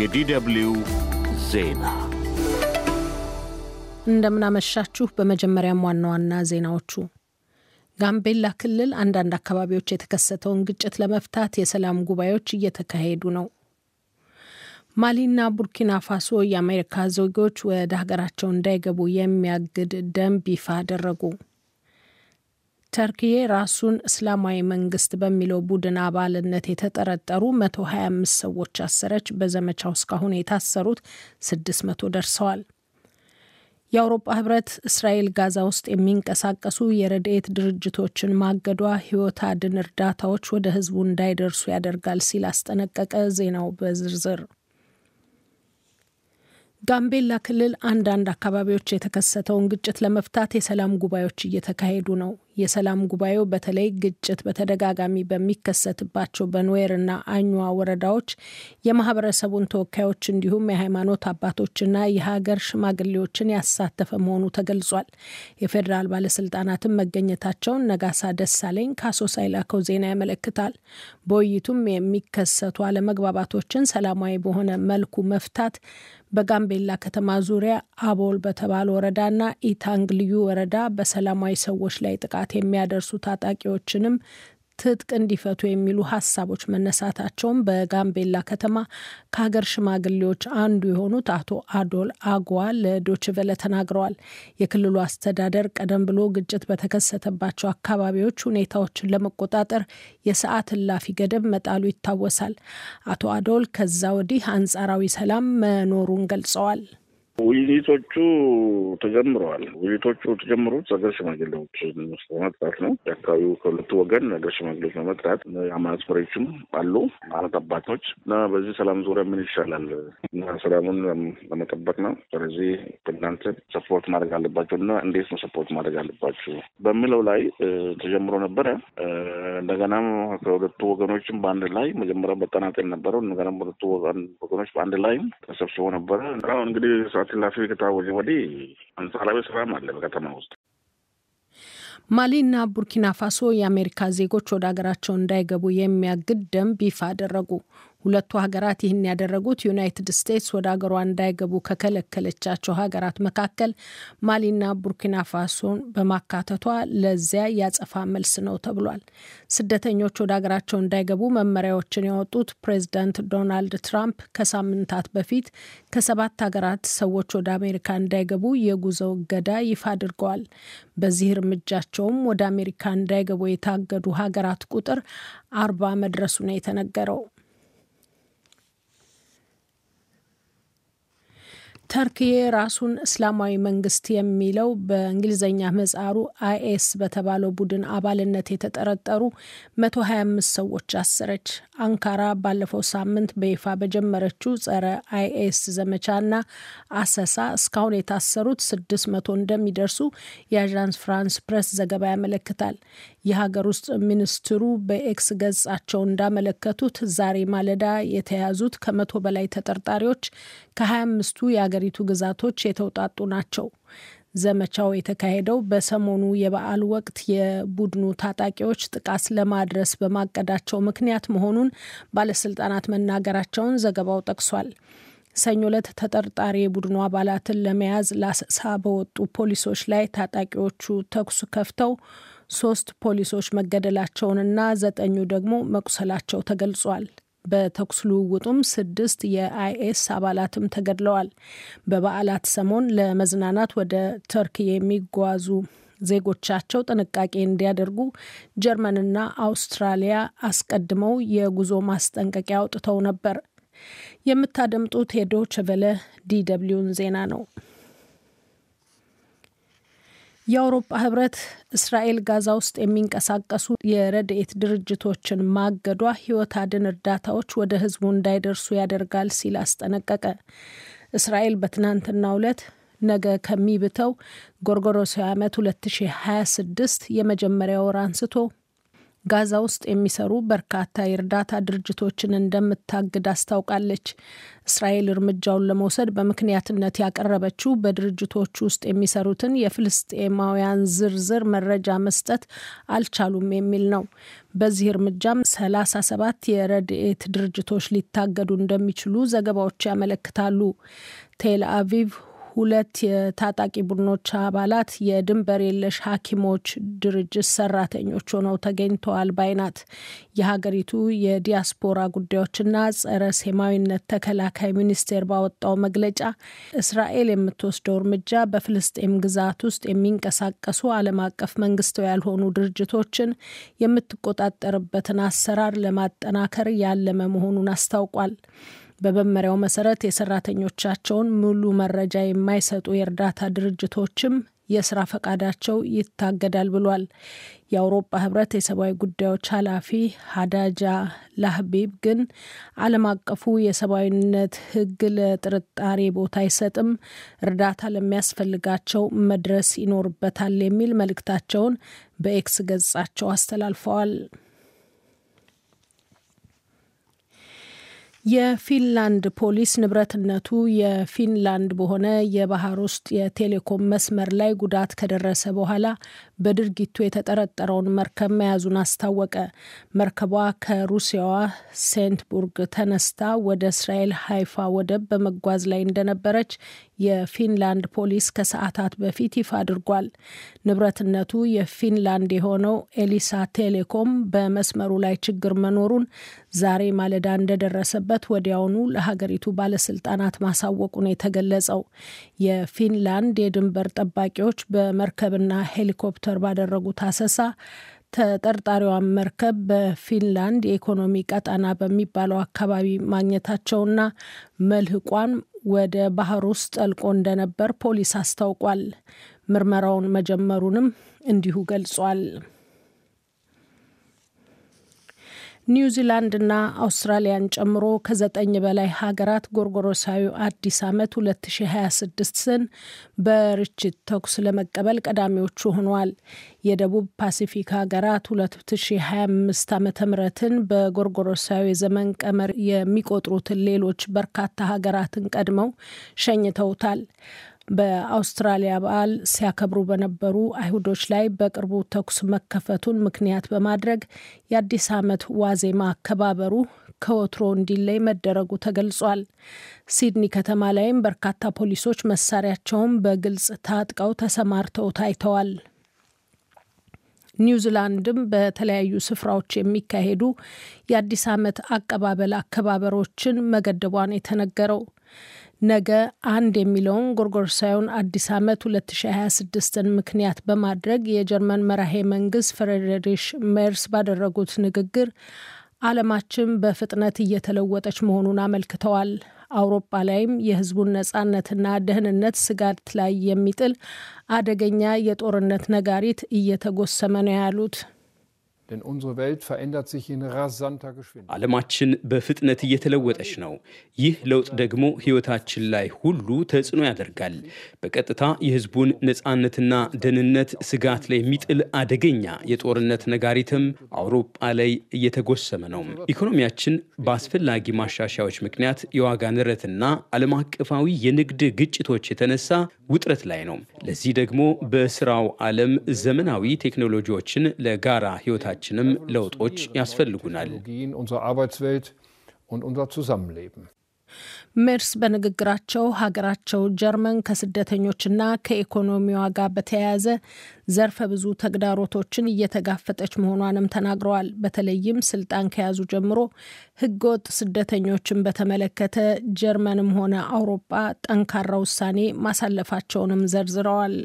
የዲደብሊው ዜና እንደምናመሻችሁ። በመጀመሪያም ዋና ዋና ዜናዎቹ ጋምቤላ ክልል አንዳንድ አካባቢዎች የተከሰተውን ግጭት ለመፍታት የሰላም ጉባኤዎች እየተካሄዱ ነው። ማሊና ቡርኪና ፋሶ የአሜሪካ ዜጎች ወደ ሀገራቸው እንዳይገቡ የሚያግድ ደንብ ይፋ አደረጉ። ተርኪዬ ራሱን እስላማዊ መንግስት በሚለው ቡድን አባልነት የተጠረጠሩ 125 ሰዎች አሰረች። በዘመቻው እስካሁን የታሰሩት 600 ደርሰዋል። የአውሮፓ ህብረት እስራኤል ጋዛ ውስጥ የሚንቀሳቀሱ የረድኤት ድርጅቶችን ማገዷ ህይወት አድን እርዳታዎች ወደ ህዝቡ እንዳይደርሱ ያደርጋል ሲል አስጠነቀቀ። ዜናው በዝርዝር ጋምቤላ ክልል አንዳንድ አካባቢዎች የተከሰተውን ግጭት ለመፍታት የሰላም ጉባኤዎች እየተካሄዱ ነው። የሰላም ጉባኤው በተለይ ግጭት በተደጋጋሚ በሚከሰትባቸው በንዌርና አኟ ወረዳዎች የማህበረሰቡን ተወካዮች እንዲሁም የሃይማኖት አባቶችና የሀገር ሽማግሌዎችን ያሳተፈ መሆኑ ተገልጿል። የፌዴራል ባለስልጣናትን መገኘታቸውን ነጋሳ ደሳለኝ ከአሶሳ የላከው ዜና ያመለክታል። በውይይቱም የሚከሰቱ አለመግባባቶችን ሰላማዊ በሆነ መልኩ መፍታት በጋምቤላ ከተማ ዙሪያ አቦል በተባለ ወረዳና ኢታንግ ልዩ ወረዳ በሰላማዊ ሰዎች ላይ ጥቃት ጥቃት የሚያደርሱ ታጣቂዎችንም ትጥቅ እንዲፈቱ የሚሉ ሀሳቦች መነሳታቸውን በጋምቤላ ከተማ ከሀገር ሽማግሌዎች አንዱ የሆኑት አቶ አዶል አጓ ለዶችቨለ ተናግረዋል። የክልሉ አስተዳደር ቀደም ብሎ ግጭት በተከሰተባቸው አካባቢዎች ሁኔታዎችን ለመቆጣጠር የሰዓት እላፊ ገደብ መጣሉ ይታወሳል። አቶ አዶል ከዛ ወዲህ አንጻራዊ ሰላም መኖሩን ገልጸዋል። ውይይቶቹ ተጀምረዋል። ውይይቶቹ ተጀምሩት ሀገር ሽማግሌዎችን ውስጥ በመጥራት ነው። የአካባቢው ከሁለቱ ወገን ሀገር ሽማግሌዎች በመጥራት የሃይማኖት መሪዎችም አሉ፣ ሃይማኖት አባቶች እና በዚህ ሰላም ዙሪያ ምን ይሻላል እና ሰላሙን ለመጠበቅ ነው። ስለዚህ እናንተ ሰፖርት ማድረግ አለባቸው እና እንዴት ነው ሰፖርት ማድረግ አለባችሁ በሚለው ላይ ተጀምሮ ነበረ። እንደገናም ከሁለቱ ወገኖችም በአንድ ላይ መጀመሪያ በጠናጤል ነበረው። እንደገናም ሁለቱ ወገኖች በአንድ ላይም ተሰብስቦ ነበረ እንግዲህ አሸናፊ ከታወጀ ወዲህ አንጻራዊ ሰላም አለ በከተማ ውስጥ። ማሊና ቡርኪና ፋሶ የአሜሪካ ዜጎች ወደ ሀገራቸው እንዳይገቡ የሚያግድ ደንብ ይፋ አደረጉ። ሁለቱ ሀገራት ይህን ያደረጉት ዩናይትድ ስቴትስ ወደ አገሯ እንዳይገቡ ከከለከለቻቸው ሀገራት መካከል ማሊና ቡርኪና ፋሶን በማካተቷ ለዚያ ያጸፋ መልስ ነው ተብሏል። ስደተኞች ወደ ሀገራቸው እንዳይገቡ መመሪያዎችን ያወጡት ፕሬዚዳንት ዶናልድ ትራምፕ ከሳምንታት በፊት ከሰባት ሀገራት ሰዎች ወደ አሜሪካ እንዳይገቡ የጉዞ እገዳ ይፋ አድርገዋል። በዚህ እርምጃቸውም ወደ አሜሪካ እንዳይገቡ የታገዱ ሀገራት ቁጥር አርባ መድረሱ ነው የተነገረው። ተርክዬ ራሱን እስላማዊ መንግስት የሚለው በእንግሊዝኛ ምህጻሩ አይኤስ በተባለው ቡድን አባልነት የተጠረጠሩ 125 ሰዎች አሰረች። አንካራ ባለፈው ሳምንት በይፋ በጀመረችው ጸረ አይኤስ ዘመቻና አሰሳ እስካሁን የታሰሩት 600 እንደሚደርሱ የአዣንስ ፍራንስ ፕሬስ ዘገባ ያመለክታል። የሀገር ውስጥ ሚኒስትሩ በኤክስ ገጻቸው እንዳመለከቱት ዛሬ ማለዳ የተያዙት ከመቶ በላይ ተጠርጣሪዎች ከ25ቱ የሀገሪቱ ግዛቶች የተውጣጡ ናቸው። ዘመቻው የተካሄደው በሰሞኑ የበዓል ወቅት የቡድኑ ታጣቂዎች ጥቃት ለማድረስ በማቀዳቸው ምክንያት መሆኑን ባለስልጣናት መናገራቸውን ዘገባው ጠቅሷል። ሰኞ ዕለት ተጠርጣሪ የቡድኑ አባላትን ለመያዝ ላሰሳ በወጡ ፖሊሶች ላይ ታጣቂዎቹ ተኩስ ከፍተው ሶስት ፖሊሶች መገደላቸውንና ዘጠኙ ደግሞ መቁሰላቸው ተገልጿል። በተኩስ ልውውጡም ስድስት የአይኤስ አባላትም ተገድለዋል። በበዓላት ሰሞን ለመዝናናት ወደ ተርክ የሚጓዙ ዜጎቻቸው ጥንቃቄ እንዲያደርጉ ጀርመንና አውስትራሊያ አስቀድመው የጉዞ ማስጠንቀቂያ አውጥተው ነበር። የምታደምጡት ሄዶ ቸቨለ ዲደብሊውን ዜና ነው። የአውሮፓ ህብረት እስራኤል ጋዛ ውስጥ የሚንቀሳቀሱ የረድኤት ድርጅቶችን ማገዷ ህይወት አድን እርዳታዎች ወደ ህዝቡ እንዳይደርሱ ያደርጋል ሲል አስጠነቀቀ። እስራኤል በትናንትና ውለት ነገ ከሚብተው ጎርጎሮሳዊ ዓመት 2026 የመጀመሪያ ወር አንስቶ ጋዛ ውስጥ የሚሰሩ በርካታ የእርዳታ ድርጅቶችን እንደምታግድ አስታውቃለች። እስራኤል እርምጃውን ለመውሰድ በምክንያትነት ያቀረበችው በድርጅቶች ውስጥ የሚሰሩትን የፍልስጤማውያን ዝርዝር መረጃ መስጠት አልቻሉም የሚል ነው። በዚህ እርምጃም 37 የረድኤት ድርጅቶች ሊታገዱ እንደሚችሉ ዘገባዎች ያመለክታሉ። ቴል አቪቭ ሁለት የታጣቂ ቡድኖች አባላት የድንበር የለሽ ሐኪሞች ድርጅት ሰራተኞች ሆነው ተገኝተዋል ባይናት የሀገሪቱ የዲያስፖራ ጉዳዮችና ጸረ ሴማዊነት ተከላካይ ሚኒስቴር ባወጣው መግለጫ እስራኤል የምትወስደው እርምጃ በፍልስጤም ግዛት ውስጥ የሚንቀሳቀሱ አለም አቀፍ መንግስታዊ ያልሆኑ ድርጅቶችን የምትቆጣጠርበትን አሰራር ለማጠናከር ያለመ መሆኑን አስታውቋል። በመመሪያው መሰረት የሰራተኞቻቸውን ሙሉ መረጃ የማይሰጡ የእርዳታ ድርጅቶችም የስራ ፈቃዳቸው ይታገዳል ብሏል። የአውሮፓ ህብረት የሰብአዊ ጉዳዮች ኃላፊ ሀዳጃ ላህቢብ ግን ዓለም አቀፉ የሰብአዊነት ህግ ለጥርጣሬ ቦታ አይሰጥም፣ እርዳታ ለሚያስፈልጋቸው መድረስ ይኖርበታል የሚል መልእክታቸውን በኤክስ ገጻቸው አስተላልፈዋል። የፊንላንድ ፖሊስ ንብረትነቱ የፊንላንድ በሆነ የባህር ውስጥ የቴሌኮም መስመር ላይ ጉዳት ከደረሰ በኋላ በድርጊቱ የተጠረጠረውን መርከብ መያዙን አስታወቀ። መርከቧ ከሩሲያዋ ሴንትቡርግ ተነስታ ወደ እስራኤል ሃይፋ ወደብ በመጓዝ ላይ እንደነበረች የፊንላንድ ፖሊስ ከሰዓታት በፊት ይፋ አድርጓል። ንብረትነቱ የፊንላንድ የሆነው ኤሊሳ ቴሌኮም በመስመሩ ላይ ችግር መኖሩን ዛሬ ማለዳ እንደደረሰበት ወዲያውኑ ለሀገሪቱ ባለስልጣናት ማሳወቁ የተገለጸው። የፊንላንድ የድንበር ጠባቂዎች በመርከብና ሄሊኮፕተር ሞተር ባደረጉት አሰሳ ተጠርጣሪዋን መርከብ በፊንላንድ የኢኮኖሚ ቀጠና በሚባለው አካባቢ ማግኘታቸውና መልህቋን ወደ ባህር ውስጥ ጠልቆ እንደነበር ፖሊስ አስታውቋል። ምርመራውን መጀመሩንም እንዲሁ ገልጿል። ኒውዚላንድና አውስትራሊያን ጨምሮ ከዘጠኝ በላይ ሀገራት ጎርጎሮሳዊ አዲስ ዓመት 2026ን በርችት ተኩስ ለመቀበል ቀዳሚዎቹ ሆኗል። የደቡብ ፓሲፊክ ሀገራት 2025 ዓ ምትን በጎርጎሮሳዊ ዘመን ቀመር የሚቆጥሩትን ሌሎች በርካታ ሀገራትን ቀድመው ሸኝተውታል። በአውስትራሊያ በዓል ሲያከብሩ በነበሩ አይሁዶች ላይ በቅርቡ ተኩስ መከፈቱን ምክንያት በማድረግ የአዲስ ዓመት ዋዜማ አከባበሩ ከወትሮ እንዲለይ መደረጉ ተገልጿል። ሲድኒ ከተማ ላይም በርካታ ፖሊሶች መሳሪያቸውን በግልጽ ታጥቀው ተሰማርተው ታይተዋል። ኒውዚላንድም በተለያዩ ስፍራዎች የሚካሄዱ የአዲስ ዓመት አቀባበል አከባበሮችን መገደቧን የተነገረው ነገ አንድ የሚለውን ጎርጎርሳዩን አዲስ ዓመት 2026ን ምክንያት በማድረግ የጀርመን መራሄ መንግስት ፍሬድሪሽ ሜርስ ባደረጉት ንግግር ዓለማችን በፍጥነት እየተለወጠች መሆኑን አመልክተዋል። አውሮፓ ላይም የህዝቡን ነጻነትና ደህንነት ስጋት ላይ የሚጥል አደገኛ የጦርነት ነጋሪት እየተጎሰመ ነው ያሉት denn unsere Welt verändert sich in rasanter Geschwindigkeit. ዓለማችን በፍጥነት እየተለወጠች ነው። ይህ ለውጥ ደግሞ ሕይወታችን ላይ ሁሉ ተጽዕኖ ያደርጋል። በቀጥታ የሕዝቡን ነፃነትና ደህንነት ስጋት ላይ የሚጥል አደገኛ የጦርነት ነጋሪትም አውሮፓ ላይ እየተጎሰመ ነው። ኢኮኖሚያችን በአስፈላጊ ማሻሻያዎች ምክንያት የዋጋ ንረትና ዓለም አቀፋዊ የንግድ ግጭቶች የተነሳ ውጥረት ላይ ነው። ለዚህ ደግሞ በስራው ዓለም ዘመናዊ ቴክኖሎጂዎችን ለጋራ ሕይወታችን ለኑሯችንም ለውጦች ያስፈልጉናል። ሜርስ በንግግራቸው ሀገራቸው ጀርመን ከስደተኞችና ከኢኮኖሚዋ ጋር በተያያዘ ዘርፈ ብዙ ተግዳሮቶችን እየተጋፈጠች መሆኗንም ተናግረዋል። በተለይም ስልጣን ከያዙ ጀምሮ ሕገወጥ ስደተኞችን በተመለከተ ጀርመንም ሆነ አውሮፓ ጠንካራ ውሳኔ ማሳለፋቸውንም ዘርዝረዋል።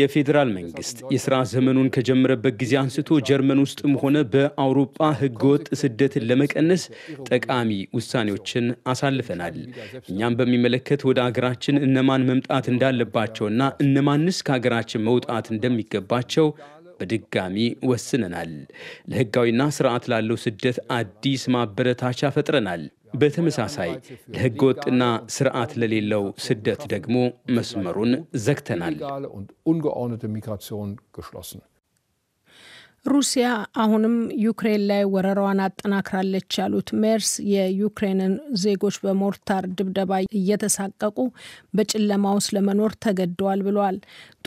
የፌዴራል መንግስት የስራ ዘመኑን ከጀመረበት ጊዜ አንስቶ ጀርመን ውስጥም ሆነ በአውሮፓ ህገወጥ ስደትን ለመቀነስ ጠቃሚ ውሳኔዎችን አሳልፈናል። እኛም በሚመለከት ወደ አገራችን እነማን መምጣት እንዳለባቸውና እነማንስ ከሀገራችን መውጣት እንደሚገባቸው በድጋሚ ወስነናል። ለህጋዊና ስርዓት ላለው ስደት አዲስ ማበረታቻ ፈጥረናል። በተመሳሳይ ለህገ ወጥና ስርዓት ለሌለው ስደት ደግሞ መስመሩን ዘግተናል። ሩሲያ አሁንም ዩክሬን ላይ ወረራዋን አጠናክራለች ያሉት ሜርስ የዩክሬንን ዜጎች በሞርታር ድብደባ እየተሳቀቁ በጨለማ ውስጥ ለመኖር ተገደዋል ብለዋል።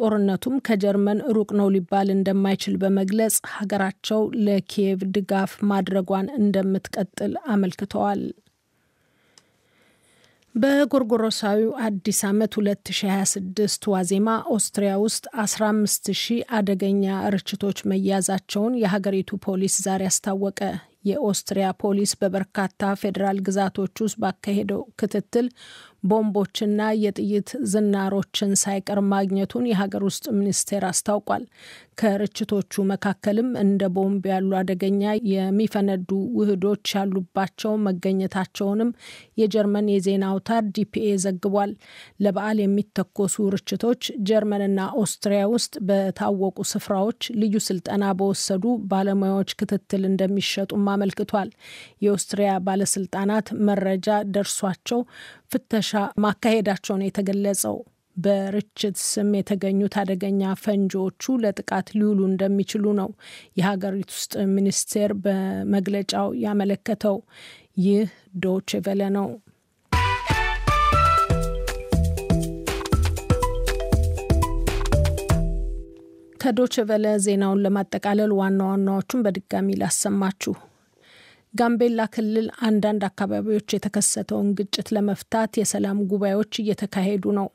ጦርነቱም ከጀርመን ሩቅ ነው ሊባል እንደማይችል በመግለጽ ሀገራቸው ለኪየቭ ድጋፍ ማድረጓን እንደምትቀጥል አመልክተዋል። በጎርጎሮሳዊው አዲስ ዓመት 2026 ዋዜማ ኦስትሪያ ውስጥ 15 ሺህ አደገኛ ርችቶች መያዛቸውን የሀገሪቱ ፖሊስ ዛሬ አስታወቀ። የኦስትሪያ ፖሊስ በበርካታ ፌዴራል ግዛቶች ውስጥ ባካሄደው ክትትል ቦምቦችና የጥይት ዝናሮችን ሳይቀር ማግኘቱን የሀገር ውስጥ ሚኒስቴር አስታውቋል። ከርችቶቹ መካከልም እንደ ቦምብ ያሉ አደገኛ የሚፈነዱ ውህዶች ያሉባቸው መገኘታቸውንም የጀርመን የዜና አውታር ዲፒኤ ዘግቧል። ለበዓል የሚተኮሱ ርችቶች ጀርመንና ኦስትሪያ ውስጥ በታወቁ ስፍራዎች ልዩ ስልጠና በወሰዱ ባለሙያዎች ክትትል እንደሚሸጡም አመልክቷል። የኦስትሪያ ባለስልጣናት መረጃ ደርሷቸው ፍተሻ ፍተሻ ማካሄዳቸውን የተገለጸው። በርችት ስም የተገኙት አደገኛ ፈንጂዎቹ ለጥቃት ሊውሉ እንደሚችሉ ነው የሀገሪቱ ውስጥ ሚኒስቴር በመግለጫው ያመለከተው። ይህ ዶች ቬለ ነው። ከዶች ቬለ ዜናውን ለማጠቃለል ዋና ዋናዎቹን በድጋሚ ላሰማችሁ። ጋምቤላ ክልል አንዳንድ አካባቢዎች የተከሰተውን ግጭት ለመፍታት የሰላም ጉባኤዎች እየተካሄዱ ነው።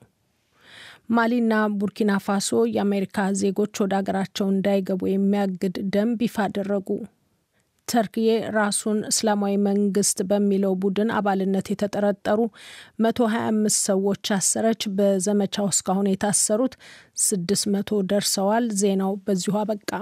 ማሊና ቡርኪና ፋሶ የአሜሪካ ዜጎች ወደ አገራቸው እንዳይገቡ የሚያግድ ደንብ ይፋ አደረጉ። ተርክዬ ራሱን እስላማዊ መንግስት በሚለው ቡድን አባልነት የተጠረጠሩ 125 ሰዎች አሰረች። በዘመቻው እስካሁን የታሰሩት 600 ደርሰዋል። ዜናው በዚሁ አበቃ።